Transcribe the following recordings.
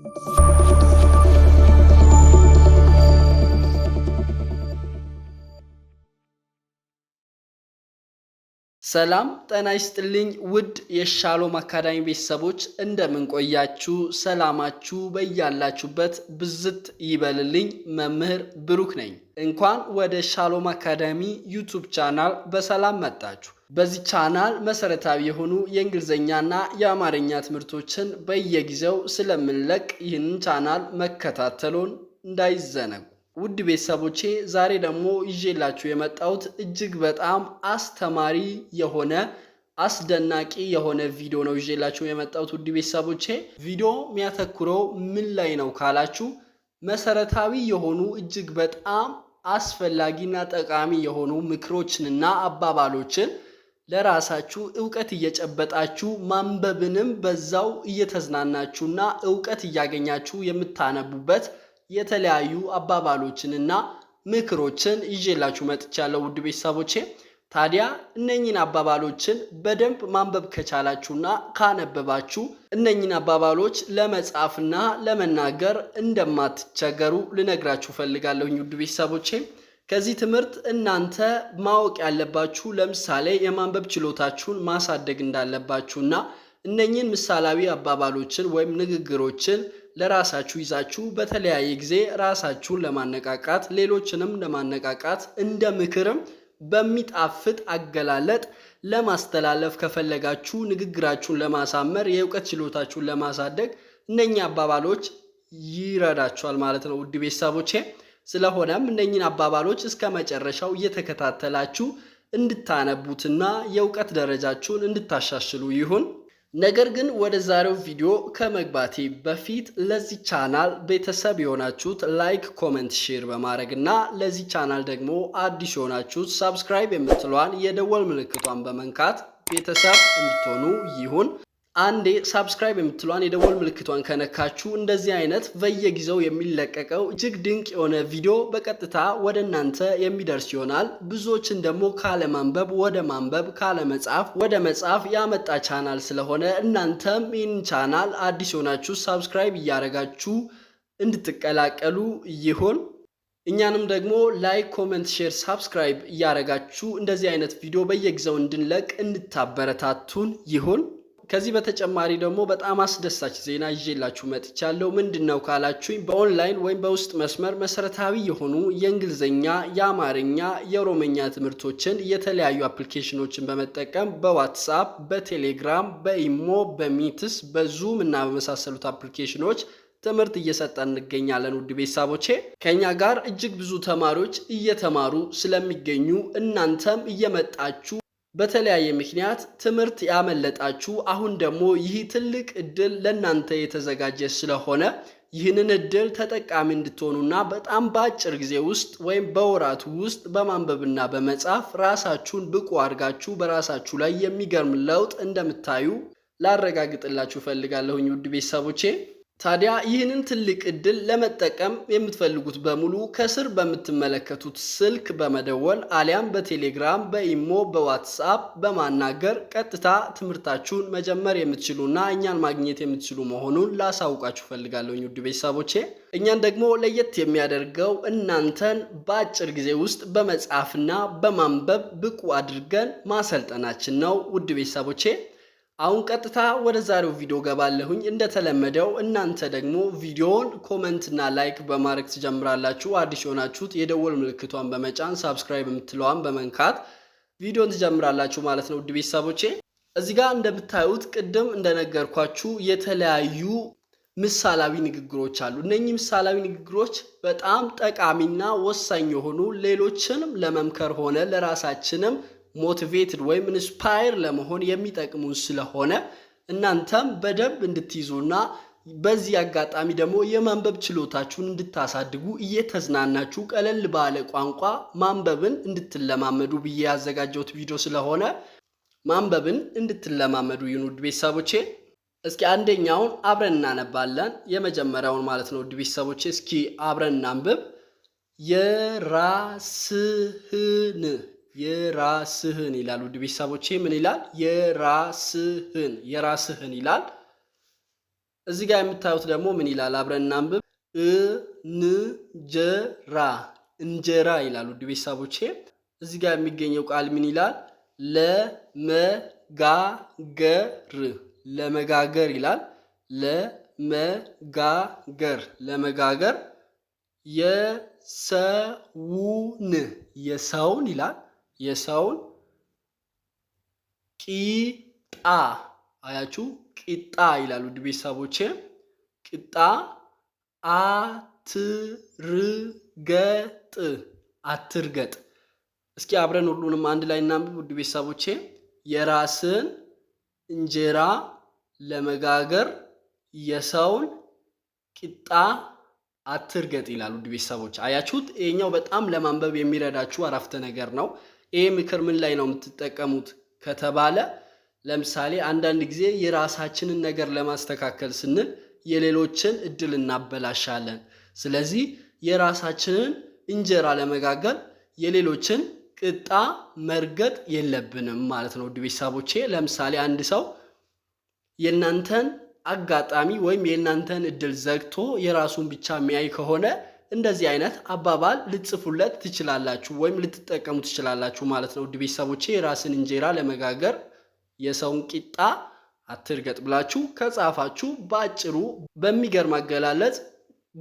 ሰላም ጤና ይስጥልኝ። ውድ የሻሎም አካዳሚ ቤተሰቦች እንደምን ቆያችሁ? ሰላማችሁ በያላችሁበት ብዝት ይበልልኝ። መምህር ብሩክ ነኝ። እንኳን ወደ ሻሎም አካዳሚ ዩቱብ ቻናል በሰላም መጣችሁ። በዚህ ቻናል መሰረታዊ የሆኑ የእንግሊዝኛና የአማርኛ ትምህርቶችን በየጊዜው ስለምንለቅ ይህንን ቻናል መከታተሉን እንዳይዘነጉ። ውድ ቤተሰቦቼ ዛሬ ደግሞ ይዤላችሁ የመጣሁት እጅግ በጣም አስተማሪ የሆነ አስደናቂ የሆነ ቪዲዮ ነው ይዤላችሁ የመጣሁት። ውድ ቤተሰቦቼ ቪዲዮ የሚያተኩረው ምን ላይ ነው ካላችሁ መሰረታዊ የሆኑ እጅግ በጣም አስፈላጊና ጠቃሚ የሆኑ ምክሮችንና አባባሎችን ለራሳችሁ እውቀት እየጨበጣችሁ ማንበብንም በዛው እየተዝናናችሁና እውቀት እያገኛችሁ የምታነቡበት የተለያዩ አባባሎችንና ምክሮችን ይዤላችሁ መጥቻለሁ ውድ ቤተሰቦቼ። ታዲያ እነኝን አባባሎችን በደንብ ማንበብ ከቻላችሁና ካነበባችሁ እነኝን አባባሎች ለመጻፍና ለመናገር እንደማትቸገሩ ልነግራችሁ ፈልጋለሁኝ ውድ ቤተሰቦቼ። ከዚህ ትምህርት እናንተ ማወቅ ያለባችሁ ለምሳሌ የማንበብ ችሎታችሁን ማሳደግ እንዳለባችሁ ና እነኚህን ምሳላዊ አባባሎችን ወይም ንግግሮችን ለራሳችሁ ይዛችሁ በተለያየ ጊዜ ራሳችሁን ለማነቃቃት ሌሎችንም ለማነቃቃት እንደ ምክርም በሚጣፍጥ አገላለጥ ለማስተላለፍ ከፈለጋችሁ ንግግራችሁን ለማሳመር የእውቀት ችሎታችሁን ለማሳደግ እነኛ አባባሎች ይረዳችኋል ማለት ነው ውድ ቤተሰቦቼ። ስለሆነም እነኝን አባባሎች እስከ መጨረሻው እየተከታተላችሁ እንድታነቡትና የእውቀት ደረጃችሁን እንድታሻሽሉ ይሁን። ነገር ግን ወደ ዛሬው ቪዲዮ ከመግባቴ በፊት ለዚህ ቻናል ቤተሰብ የሆናችሁት ላይክ፣ ኮመንት፣ ሼር በማድረግ እና ለዚህ ቻናል ደግሞ አዲስ የሆናችሁት ሳብስክራይብ የምትለዋን የደወል ምልክቷን በመንካት ቤተሰብ እንድትሆኑ ይሁን። አንዴ ሳብስክራይብ የምትሏን የደወል ምልክቷን ከነካችሁ እንደዚህ አይነት በየጊዜው የሚለቀቀው እጅግ ድንቅ የሆነ ቪዲዮ በቀጥታ ወደ እናንተ የሚደርስ ይሆናል። ብዙዎችን ደግሞ ካለማንበብ ወደ ማንበብ ካለመጻፍ ወደ መጻፍ ያመጣ ቻናል ስለሆነ እናንተም ይህን ቻናል አዲስ የሆናችሁ ሳብስክራይብ እያደረጋችሁ እንድትቀላቀሉ ይሁን። እኛንም ደግሞ ላይክ፣ ኮሜንት፣ ሼር፣ ሳብስክራይብ እያደረጋችሁ እንደዚህ አይነት ቪዲዮ በየጊዜው እንድንለቅ እንድታበረታቱን ይሁን። ከዚህ በተጨማሪ ደግሞ በጣም አስደሳች ዜና ይዤላችሁ መጥቻለሁ። ምንድን ነው ካላችሁኝ በኦንላይን ወይም በውስጥ መስመር መሰረታዊ የሆኑ የእንግሊዝኛ፣ የአማርኛ፣ የኦሮምኛ ትምህርቶችን የተለያዩ አፕሊኬሽኖችን በመጠቀም በዋትሳፕ፣ በቴሌግራም፣ በኢሞ፣ በሚትስ፣ በዙም እና በመሳሰሉት አፕሊኬሽኖች ትምህርት እየሰጠን እንገኛለን። ውድ ቤተሰቦቼ ከኛ ጋር እጅግ ብዙ ተማሪዎች እየተማሩ ስለሚገኙ እናንተም እየመጣችሁ በተለያየ ምክንያት ትምህርት ያመለጣችሁ አሁን ደግሞ ይህ ትልቅ እድል ለእናንተ የተዘጋጀ ስለሆነ ይህንን እድል ተጠቃሚ እንድትሆኑና በጣም በአጭር ጊዜ ውስጥ ወይም በወራቱ ውስጥ በማንበብና በመጻፍ ራሳችሁን ብቁ አድርጋችሁ በራሳችሁ ላይ የሚገርም ለውጥ እንደምታዩ ላረጋግጥላችሁ ፈልጋለሁኝ ውድ ቤተሰቦቼ። ታዲያ ይህንን ትልቅ እድል ለመጠቀም የምትፈልጉት በሙሉ ከስር በምትመለከቱት ስልክ በመደወል አሊያም በቴሌግራም፣ በኢሞ፣ በዋትስአፕ በማናገር ቀጥታ ትምህርታችሁን መጀመር የምትችሉና እኛን ማግኘት የምትችሉ መሆኑን ላሳውቃችሁ ፈልጋለሁኝ ውድ ቤተሰቦቼ። እኛን ደግሞ ለየት የሚያደርገው እናንተን በአጭር ጊዜ ውስጥ በመጻፍና በማንበብ ብቁ አድርገን ማሰልጠናችን ነው ውድ ቤተሰቦቼ። አሁን ቀጥታ ወደ ዛሬው ቪዲዮ ገባለሁኝ። እንደተለመደው እናንተ ደግሞ ቪዲዮውን ኮመንትና ላይክ በማድረግ ትጀምራላችሁ። አዲስ የሆናችሁት የደወል ምልክቷን በመጫን ሳብስክራይብ የምትለዋን በመንካት ቪዲዮን ትጀምራላችሁ ማለት ነው። ውድ ቤተሰቦቼ እዚህ ጋር እንደምታዩት ቅድም እንደነገርኳችሁ የተለያዩ ምሳላዊ ንግግሮች አሉ። እነኚህ ምሳላዊ ንግግሮች በጣም ጠቃሚና ወሳኝ የሆኑ ሌሎችንም ለመምከር ሆነ ለራሳችንም ሞቲቬትድ ወይም ኢንስፓየር ለመሆን የሚጠቅሙን ስለሆነ እናንተም በደንብ እንድትይዙና በዚህ አጋጣሚ ደግሞ የማንበብ ችሎታችሁን እንድታሳድጉ እየተዝናናችሁ ቀለል ባለ ቋንቋ ማንበብን እንድትለማመዱ ብዬ ያዘጋጀሁት ቪዲዮ ስለሆነ ማንበብን እንድትለማመዱ ይሁን ውድ ቤተሰቦቼ። እስኪ አንደኛውን አብረን እናነባለን፣ የመጀመሪያውን ማለት ነው። ውድ ቤተሰቦቼ እስኪ አብረን እናንብብ። የራስህን የራስህን ይላል። ውድ ቤተሰቦቼ ምን ይላል? የራስህን የራስህን ይላል። እዚህ ጋር የምታዩት ደግሞ ምን ይላል? አብረን እናንብብ። እንጀራ እንጀራ ይላል። ውድ ቤተሰቦቼ እዚህ ጋር የሚገኘው ቃል ምን ይላል? ለመጋገር ለመጋገር ይላል። ለመጋገር ለመጋገር የሰውን የሰውን ይላል የሰውን ቂጣ አያችሁ፣ ቂጣ ይላሉ ቤተሰቦቼ። ቂጣ አትርገጥ አትርገጥ። እስኪ አብረን ሁሉንም አንድ ላይ እናንብብ ውድ ቤተሰቦቼ። የራስን እንጀራ ለመጋገር የሰውን ቂጣ አትርገጥ ይላሉ ውድ ቤተሰቦች። አያችሁት? ይሄኛው በጣም ለማንበብ የሚረዳችሁ አረፍተ ነገር ነው። ይህ ምክር ምን ላይ ነው የምትጠቀሙት ከተባለ ለምሳሌ አንዳንድ ጊዜ የራሳችንን ነገር ለማስተካከል ስንል የሌሎችን እድል እናበላሻለን። ስለዚህ የራሳችንን እንጀራ ለመጋገር የሌሎችን ቅጣ መርገጥ የለብንም ማለት ነው። ውድ ቤተሰቦቼ፣ ለምሳሌ አንድ ሰው የእናንተን አጋጣሚ ወይም የእናንተን እድል ዘግቶ የራሱን ብቻ የሚያይ ከሆነ እንደዚህ አይነት አባባል ልትጽፉለት ትችላላችሁ ወይም ልትጠቀሙ ትችላላችሁ ማለት ነው። ውድ ቤተሰቦቼ የራስን እንጀራ ለመጋገር የሰውን ቂጣ አትርገጥ ብላችሁ ከጻፋችሁ በአጭሩ በሚገርም አገላለጽ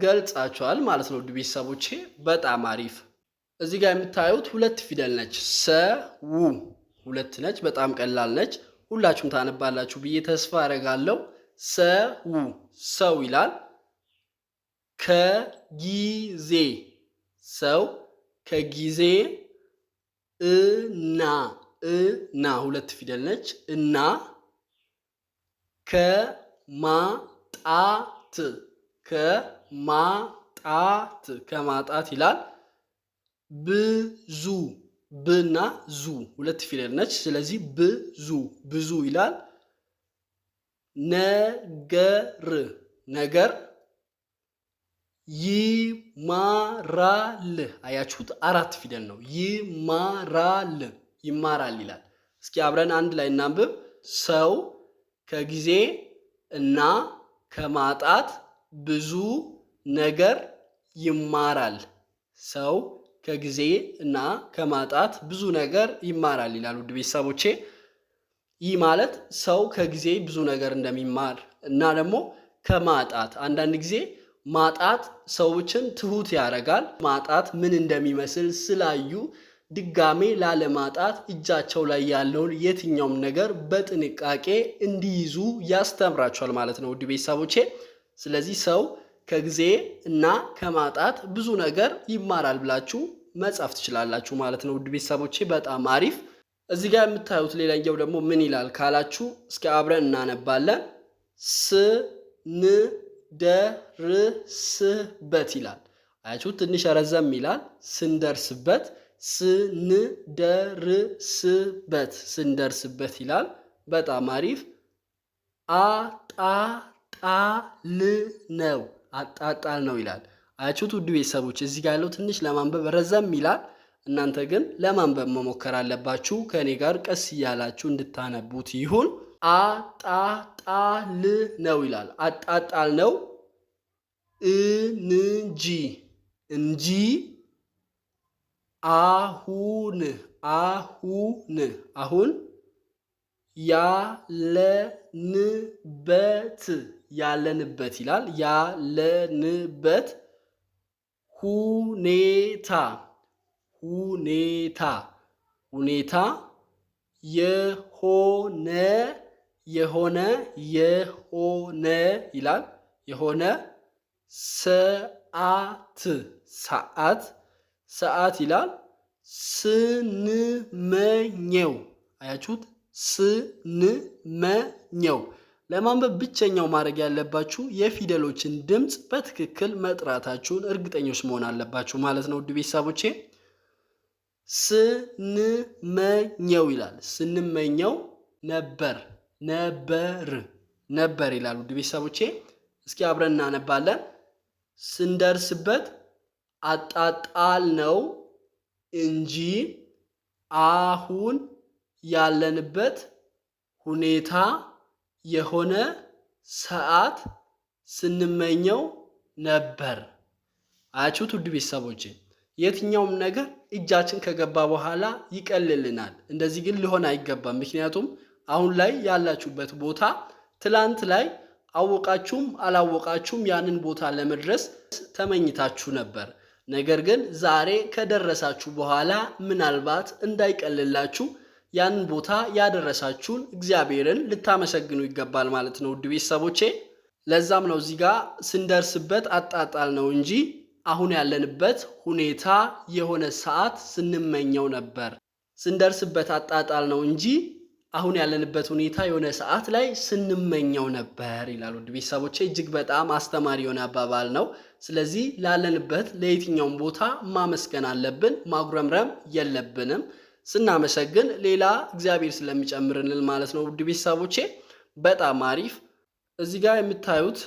ገልጻችኋል ማለት ነው። ውድ ቤተሰቦቼ በጣም አሪፍ። እዚህ ጋር የምታዩት ሁለት ፊደል ነች። ው ሁለት ነች። በጣም ቀላል ነች። ሁላችሁም ታነባላችሁ ብዬ ተስፋ አረጋለሁ ሰው ሰው ይላል። ከጊዜ ሰው ከጊዜ እና እና ሁለት ፊደል ነች እና ከማጣት ከማጣት ከማጣት ይላል። ብዙ ብና ዙ ሁለት ፊደል ነች። ስለዚህ ብዙ ብዙ ይላል። ነገር ነገር ይማራል። አያችሁት? አራት ፊደል ነው። ይማራል ይማራል ይላል። እስኪ አብረን አንድ ላይ እናንብብ። ሰው ከጊዜ እና ከማጣት ብዙ ነገር ይማራል። ሰው ከጊዜ እና ከማጣት ብዙ ነገር ይማራል ይላል። ውድ ቤተሰቦቼ ይህ ማለት ሰው ከጊዜ ብዙ ነገር እንደሚማር እና ደግሞ ከማጣት አንዳንድ ጊዜ ማጣት ሰዎችን ትሁት ያደርጋል። ማጣት ምን እንደሚመስል ስላዩ ድጋሜ ላለማጣት እጃቸው ላይ ያለውን የትኛውም ነገር በጥንቃቄ እንዲይዙ ያስተምራቸዋል ማለት ነው ውድ ቤተሰቦቼ። ስለዚህ ሰው ከጊዜ እና ከማጣት ብዙ ነገር ይማራል ብላችሁ መጻፍ ትችላላችሁ ማለት ነው ውድ ቤተሰቦቼ። በጣም አሪፍ። እዚህ ጋር የምታዩት ሌላኛው ደግሞ ምን ይላል ካላችሁ እስኪ አብረን እናነባለን ን ደርስበት ይላል። አያችሁ ትንሽ ረዘም ይላል። ስንደርስበት፣ ስንደርስበት፣ ስንደርስበት ይላል። በጣም አሪፍ። አጣጣል ነው አጣጣል ነው ይላል። አያችሁት ውድ ቤተሰቦች እዚህ ጋር ያለው ትንሽ ለማንበብ ረዘም ይላል። እናንተ ግን ለማንበብ መሞከር አለባችሁ። ከእኔ ጋር ቀስ እያላችሁ እንድታነቡት ይሁን። አጣጣል ነው ይላል። አጣጣል ነው እንጂ እንጂ አሁን አሁን አሁን ያለንበት ያለንበት ይላል። ያለንበት ሁኔታ ሁኔታ ሁኔታ የሆነ የሆነ የሆነ ይላል የሆነ ሰዓት ሰዓት ሰዓት ይላል ስንመኘው አያችሁት ስንመኘው ለማንበብ ብቸኛው ማድረግ ያለባችሁ የፊደሎችን ድምፅ በትክክል መጥራታችሁን እርግጠኞች መሆን አለባችሁ ማለት ነው ውድ ቤተሰቦቼ ስንመኘው ይላል ስንመኘው ነበር ነበር ነበር ይላሉ። ውድ ቤተሰቦቼ እስኪ አብረን እናነባለን። ስንደርስበት አጣጣል ነው እንጂ አሁን ያለንበት ሁኔታ የሆነ ሰዓት ስንመኘው ነበር። አያችሁት ውድ ቤተሰቦች የትኛውም ነገር እጃችን ከገባ በኋላ ይቀልልናል። እንደዚህ ግን ሊሆን አይገባም። ምክንያቱም አሁን ላይ ያላችሁበት ቦታ ትላንት ላይ አወቃችሁም አላወቃችሁም ያንን ቦታ ለመድረስ ተመኝታችሁ ነበር። ነገር ግን ዛሬ ከደረሳችሁ በኋላ ምናልባት እንዳይቀልላችሁ ያንን ቦታ ያደረሳችሁን እግዚአብሔርን ልታመሰግኑ ይገባል ማለት ነው ውድ ቤተሰቦቼ። ለዛም ነው እዚህ ጋር ስንደርስበት አጣጣል ነው እንጂ አሁን ያለንበት ሁኔታ የሆነ ሰዓት ስንመኘው ነበር። ስንደርስበት አጣጣል ነው እንጂ አሁን ያለንበት ሁኔታ የሆነ ሰዓት ላይ ስንመኘው ነበር ይላል። ውድ ቤተሰቦቼ እጅግ በጣም አስተማሪ የሆነ አባባል ነው። ስለዚህ ላለንበት ለየትኛውም ቦታ ማመስገን አለብን፣ ማጉረምረም የለብንም። ስናመሰግን ሌላ እግዚአብሔር ስለሚጨምርልን ማለት ነው። ውድ ቤተሰቦቼ በጣም አሪፍ። እዚህ ጋር የምታዩት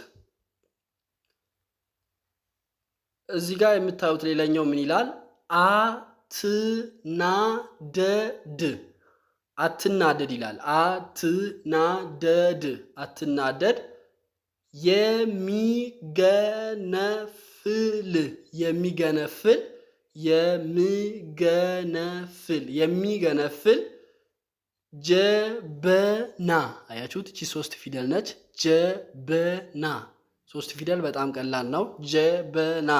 እዚህ ጋር የምታዩት ሌላኛው ምን ይላል? አትናደድ አትናደድ ይላል። አትናደድ አትናደድ የሚገነፍል የሚገነፍል የሚገነፍል የሚገነፍል ጀበና አያችሁት? እቺ ሶስት ፊደል ነች። ጀበና ሶስት ፊደል በጣም ቀላል ነው። ጀበና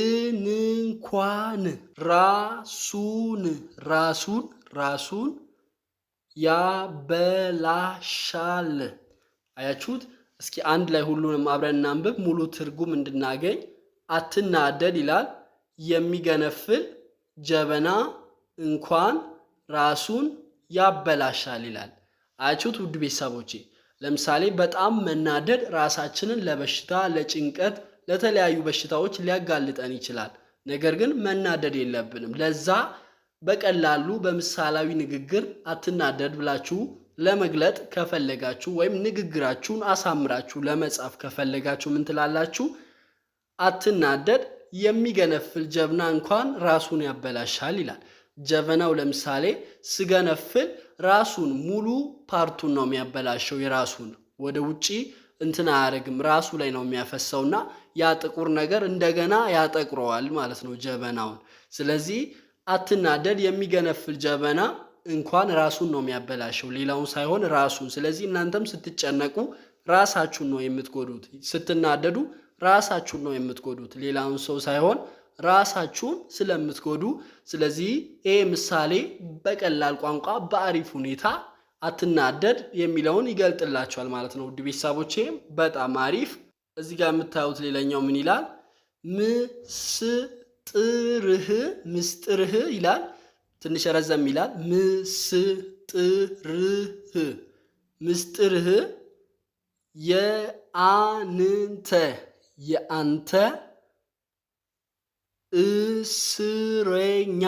እንኳን ራሱን ራሱን ራሱን ያበላሻል። አያችሁት? እስኪ አንድ ላይ ሁሉንም አብረን እናንብብ ሙሉ ትርጉም እንድናገኝ። አትናደድ ይላል። የሚገነፍል ጀበና እንኳን ራሱን ያበላሻል ይላል። አያችሁት? ውድ ቤተሰቦቼ ለምሳሌ በጣም መናደድ ራሳችንን ለበሽታ፣ ለጭንቀት፣ ለተለያዩ በሽታዎች ሊያጋልጠን ይችላል። ነገር ግን መናደድ የለብንም ለዛ በቀላሉ በምሳሌያዊ ንግግር አትናደድ ብላችሁ ለመግለጥ ከፈለጋችሁ ወይም ንግግራችሁን አሳምራችሁ ለመጻፍ ከፈለጋችሁ ምን ትላላችሁ? አትናደድ የሚገነፍል ጀብና እንኳን ራሱን ያበላሻል ይላል። ጀበናው ለምሳሌ ስገነፍል ራሱን ሙሉ ፓርቱን ነው የሚያበላሸው። የራሱን ወደ ውጪ እንትን አያደርግም፣ ራሱ ላይ ነው የሚያፈሰውና ያ ጥቁር ነገር እንደገና ያጠቁረዋል ማለት ነው ጀበናውን። ስለዚህ አትናደድ የሚገነፍል ጀበና እንኳን ራሱን ነው የሚያበላሸው፣ ሌላውን ሳይሆን ራሱን። ስለዚህ እናንተም ስትጨነቁ ራሳችሁን ነው የምትጎዱት፣ ስትናደዱ ራሳችሁን ነው የምትጎዱት፣ ሌላውን ሰው ሳይሆን ራሳችሁን ስለምትጎዱ። ስለዚህ ይሄ ምሳሌ በቀላል ቋንቋ በአሪፍ ሁኔታ አትናደድ የሚለውን ይገልጥላቸዋል ማለት ነው። ውድ ቤተሰቦቼ በጣም አሪፍ። እዚህ ጋር የምታዩት ሌላኛው ምን ይላል? ምስ ጥርህ ምስጥርህ ይላል። ትንሽ ረዘም ይላል። ምስጥርህ ምስጥርህ የአንንተ የአንተ እስረኛ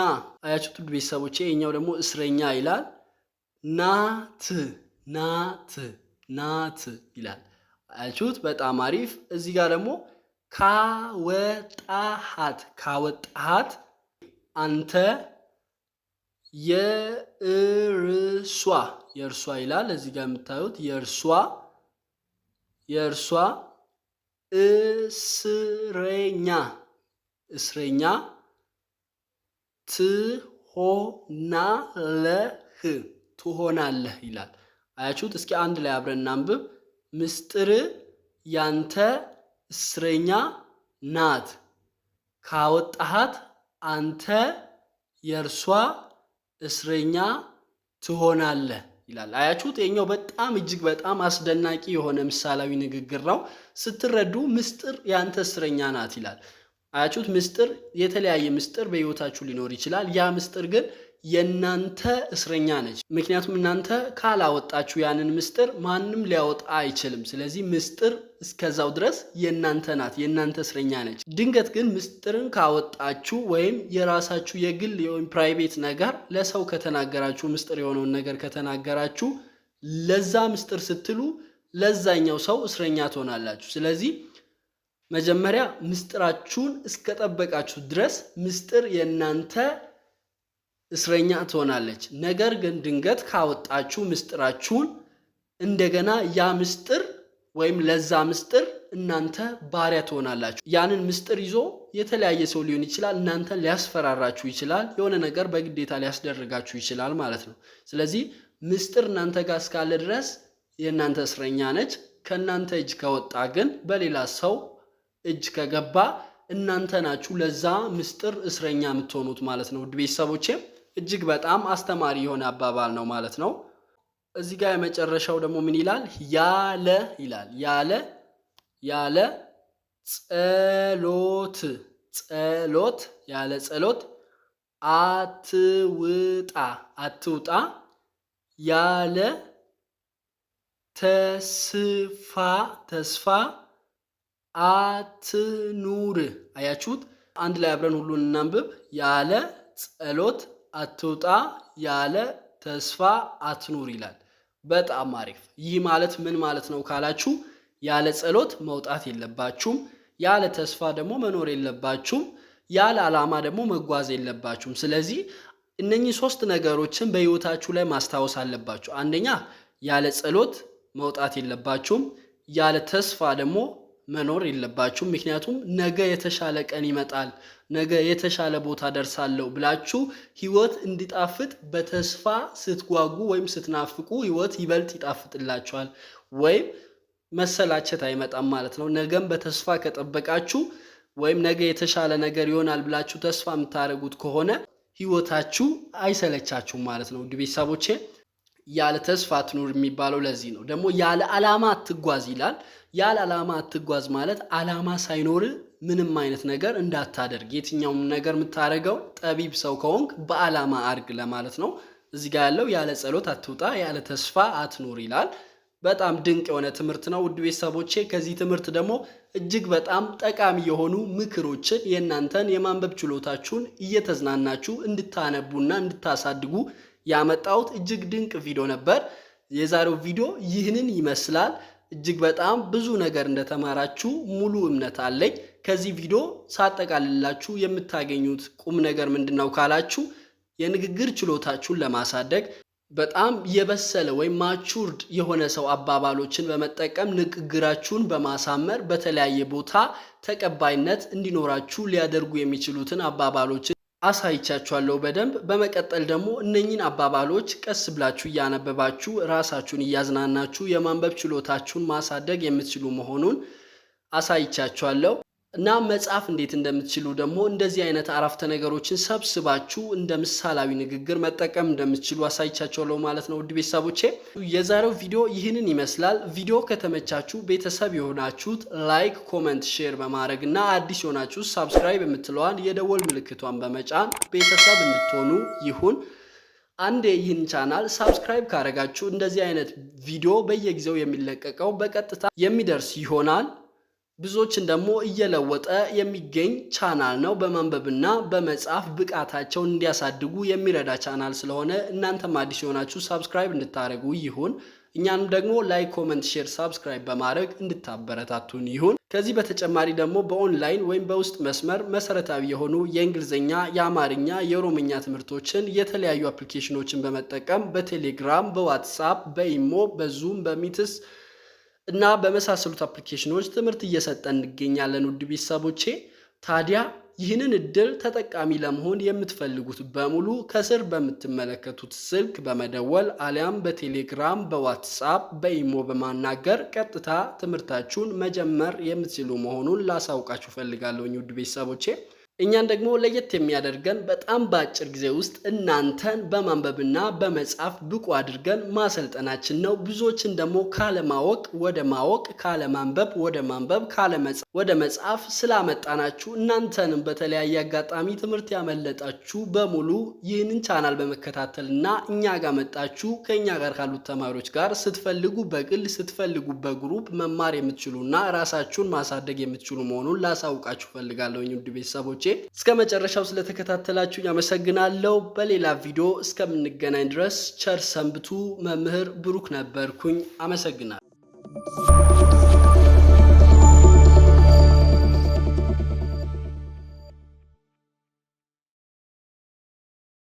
አያችሁ ትውልድ ቤተሰቦች፣ የኛው ደግሞ እስረኛ ይላል። ናት ናት ናት ይላል። አያችሁት? በጣም አሪፍ። እዚህ ጋር ደግሞ ካወጣሃት ካወጣሃት አንተ የእርሷ የእርሷ ይላል። እዚህ ጋር የምታዩት የእርሷ የእርሷ እስረኛ እስረኛ ትሆናለህ ትሆናለህ ይላል። አያችሁት? እስኪ አንድ ላይ አብረን እናንብብ። ምስጢር ያንተ እስረኛ ናት። ካወጣሃት አንተ የእርሷ እስረኛ ትሆናለህ ይላል። አያችሁት? ይሄኛው በጣም እጅግ በጣም አስደናቂ የሆነ ምሳሌያዊ ንግግር ነው። ስትረዱ ምስጢር የአንተ እስረኛ ናት ይላል። አያችሁት? ምስጢር የተለያየ ምስጢር በህይወታችሁ ሊኖር ይችላል። ያ ምስጢር ግን የእናንተ እስረኛ ነች። ምክንያቱም እናንተ ካላወጣችሁ ያንን ምስጢር ማንም ሊያወጣ አይችልም። ስለዚህ ምስጢር እስከዛው ድረስ የእናንተ ናት፣ የእናንተ እስረኛ ነች። ድንገት ግን ምስጢርን ካወጣችሁ ወይም የራሳችሁ የግል ወይም ፕራይቬት ነገር ለሰው ከተናገራችሁ፣ ምስጢር የሆነውን ነገር ከተናገራችሁ ለዛ ምስጢር ስትሉ ለዛኛው ሰው እስረኛ ትሆናላችሁ። ስለዚህ መጀመሪያ ምስጢራችሁን እስከጠበቃችሁ ድረስ ምስጢር የእናንተ እስረኛ ትሆናለች። ነገር ግን ድንገት ካወጣችሁ ምስጢራችሁን እንደገና ያ ምስጢር ወይም ለዛ ምስጢር እናንተ ባሪያ ትሆናላችሁ። ያንን ምስጢር ይዞ የተለያየ ሰው ሊሆን ይችላል፣ እናንተን ሊያስፈራራችሁ ይችላል፣ የሆነ ነገር በግዴታ ሊያስደርጋችሁ ይችላል ማለት ነው። ስለዚህ ምስጢር እናንተ ጋር እስካለ ድረስ የእናንተ እስረኛ ነች። ከእናንተ እጅ ከወጣ ግን በሌላ ሰው እጅ ከገባ እናንተ ናችሁ ለዛ ምስጢር እስረኛ የምትሆኑት ማለት ነው። ውድ ቤተሰቦቼም እጅግ በጣም አስተማሪ የሆነ አባባል ነው ማለት ነው። እዚህ ጋር የመጨረሻው ደግሞ ምን ይላል? ያለ ይላል። ያለ ያለ ጸሎት ጸሎት ያለ ጸሎት አትውጣ አትውጣ ያለ ተስፋ ተስፋ አትኑር። አያችሁት? አንድ ላይ አብረን ሁሉን እናንብብ። ያለ ጸሎት አትውጣ ያለ ተስፋ አትኑር ይላል። በጣም አሪፍ። ይህ ማለት ምን ማለት ነው ካላችሁ ያለ ጸሎት መውጣት የለባችሁም። ያለ ተስፋ ደግሞ መኖር የለባችሁም። ያለ ዓላማ ደግሞ መጓዝ የለባችሁም። ስለዚህ እነኚህ ሶስት ነገሮችን በህይወታችሁ ላይ ማስታወስ አለባችሁ። አንደኛ ያለ ጸሎት መውጣት የለባችሁም። ያለ ተስፋ ደግሞ መኖር የለባችሁም። ምክንያቱም ነገ የተሻለ ቀን ይመጣል፣ ነገ የተሻለ ቦታ ደርሳለሁ ብላችሁ ህይወት እንዲጣፍጥ በተስፋ ስትጓጉ ወይም ስትናፍቁ ህይወት ይበልጥ ይጣፍጥላችኋል ወይም መሰላቸት አይመጣም ማለት ነው። ነገም በተስፋ ከጠበቃችሁ ወይም ነገ የተሻለ ነገር ይሆናል ብላችሁ ተስፋ የምታደርጉት ከሆነ ህይወታችሁ አይሰለቻችሁም ማለት ነው። ውድ ቤተሰቦቼ ያለ ተስፋ አትኑር የሚባለው ለዚህ ነው። ደግሞ ያለ ዓላማ አትጓዝ ይላል። ያለ ዓላማ አትጓዝ ማለት ዓላማ ሳይኖር ምንም አይነት ነገር እንዳታደርግ፣ የትኛውም ነገር የምታደርገው ጠቢብ ሰው ከሆንክ በዓላማ አርግ ለማለት ነው። እዚህ ጋር ያለው ያለ ጸሎት አትውጣ፣ ያለ ተስፋ አትኑር ይላል። በጣም ድንቅ የሆነ ትምህርት ነው። ውድ ቤተሰቦቼ ከዚህ ትምህርት ደግሞ እጅግ በጣም ጠቃሚ የሆኑ ምክሮችን የእናንተን የማንበብ ችሎታችሁን እየተዝናናችሁ እንድታነቡና እንድታሳድጉ ያመጣሁት እጅግ ድንቅ ቪዲዮ ነበር። የዛሬው ቪዲዮ ይህንን ይመስላል። እጅግ በጣም ብዙ ነገር እንደተማራችሁ ሙሉ እምነት አለኝ። ከዚህ ቪዲዮ ሳጠቃልላችሁ የምታገኙት ቁም ነገር ምንድን ነው ካላችሁ የንግግር ችሎታችሁን ለማሳደግ በጣም የበሰለ ወይም ማቹርድ የሆነ ሰው አባባሎችን በመጠቀም ንግግራችሁን በማሳመር በተለያየ ቦታ ተቀባይነት እንዲኖራችሁ ሊያደርጉ የሚችሉትን አባባሎችን አሳይቻችኋለሁ በደንብ። በመቀጠል ደግሞ እነኝን አባባሎች ቀስ ብላችሁ እያነበባችሁ ራሳችሁን እያዝናናችሁ የማንበብ ችሎታችሁን ማሳደግ የምትችሉ መሆኑን አሳይቻችኋለሁ። እና መጻፍ እንዴት እንደምትችሉ ደግሞ እንደዚህ አይነት አረፍተ ነገሮችን ሰብስባችሁ እንደ ምሳሌያዊ ንግግር መጠቀም እንደምትችሉ አሳይቻቸዋለሁ ማለት ነው። ውድ ቤተሰቦቼ የዛሬው ቪዲዮ ይህንን ይመስላል። ቪዲዮ ከተመቻችሁ ቤተሰብ የሆናችሁት ላይክ፣ ኮመንት፣ ሼር በማድረግ እና አዲስ የሆናችሁ ሳብስክራይብ የምትለዋን የደወል ምልክቷን በመጫን ቤተሰብ እንድትሆኑ ይሁን። አንድ ይህን ቻናል ሳብስክራይብ ካደረጋችሁ እንደዚህ አይነት ቪዲዮ በየጊዜው የሚለቀቀው በቀጥታ የሚደርስ ይሆናል። ብዙዎችን ደግሞ እየለወጠ የሚገኝ ቻናል ነው። በማንበብና በመጻፍ ብቃታቸውን እንዲያሳድጉ የሚረዳ ቻናል ስለሆነ እናንተም አዲስ የሆናችሁ ሳብስክራይብ እንድታደርጉ ይሁን። እኛንም ደግሞ ላይክ፣ ኮመንት፣ ሼር፣ ሳብስክራይብ በማድረግ እንድታበረታቱን ይሁን። ከዚህ በተጨማሪ ደግሞ በኦንላይን ወይም በውስጥ መስመር መሰረታዊ የሆኑ የእንግሊዝኛ፣ የአማርኛ፣ የኦሮምኛ ትምህርቶችን የተለያዩ አፕሊኬሽኖችን በመጠቀም በቴሌግራም፣ በዋትሳፕ፣ በኢሞ፣ በዙም፣ በሚትስ እና በመሳሰሉት አፕሊኬሽኖች ትምህርት እየሰጠ እንገኛለን። ውድ ቤተሰቦቼ ታዲያ ይህንን እድል ተጠቃሚ ለመሆን የምትፈልጉት በሙሉ ከስር በምትመለከቱት ስልክ በመደወል አሊያም በቴሌግራም፣ በዋትሳፕ፣ በኢሞ በማናገር ቀጥታ ትምህርታችሁን መጀመር የምትችሉ መሆኑን ላሳውቃችሁ ፈልጋለሁኝ ውድ ቤተሰቦቼ። እኛን ደግሞ ለየት የሚያደርገን በጣም በአጭር ጊዜ ውስጥ እናንተን በማንበብና በመጻፍ ብቁ አድርገን ማሰልጠናችን ነው። ብዙዎችን ደግሞ ካለማወቅ ወደ ማወቅ፣ ካለማንበብ ወደ ማንበብ፣ ካለመጻፍ ወደ መጻፍ ስላመጣናችሁ እናንተንም በተለያየ አጋጣሚ ትምህርት ያመለጣችሁ በሙሉ ይህንን ቻናል በመከታተልና እኛ ጋር መጣችሁ ከእኛ ጋር ካሉት ተማሪዎች ጋር ስትፈልጉ በግል ስትፈልጉ በግሩፕ መማር የምትችሉና ራሳችሁን ማሳደግ የምትችሉ መሆኑን ላሳውቃችሁ ፈልጋለሁ ውድ ቤተሰቦች እስከ መጨረሻው ስለተከታተላችሁ ያመሰግናለሁ። በሌላ ቪዲዮ እስከምንገናኝ ድረስ ቸር ሰንብቱ። መምህር ብሩክ ነበርኩኝ። አመሰግናለሁ።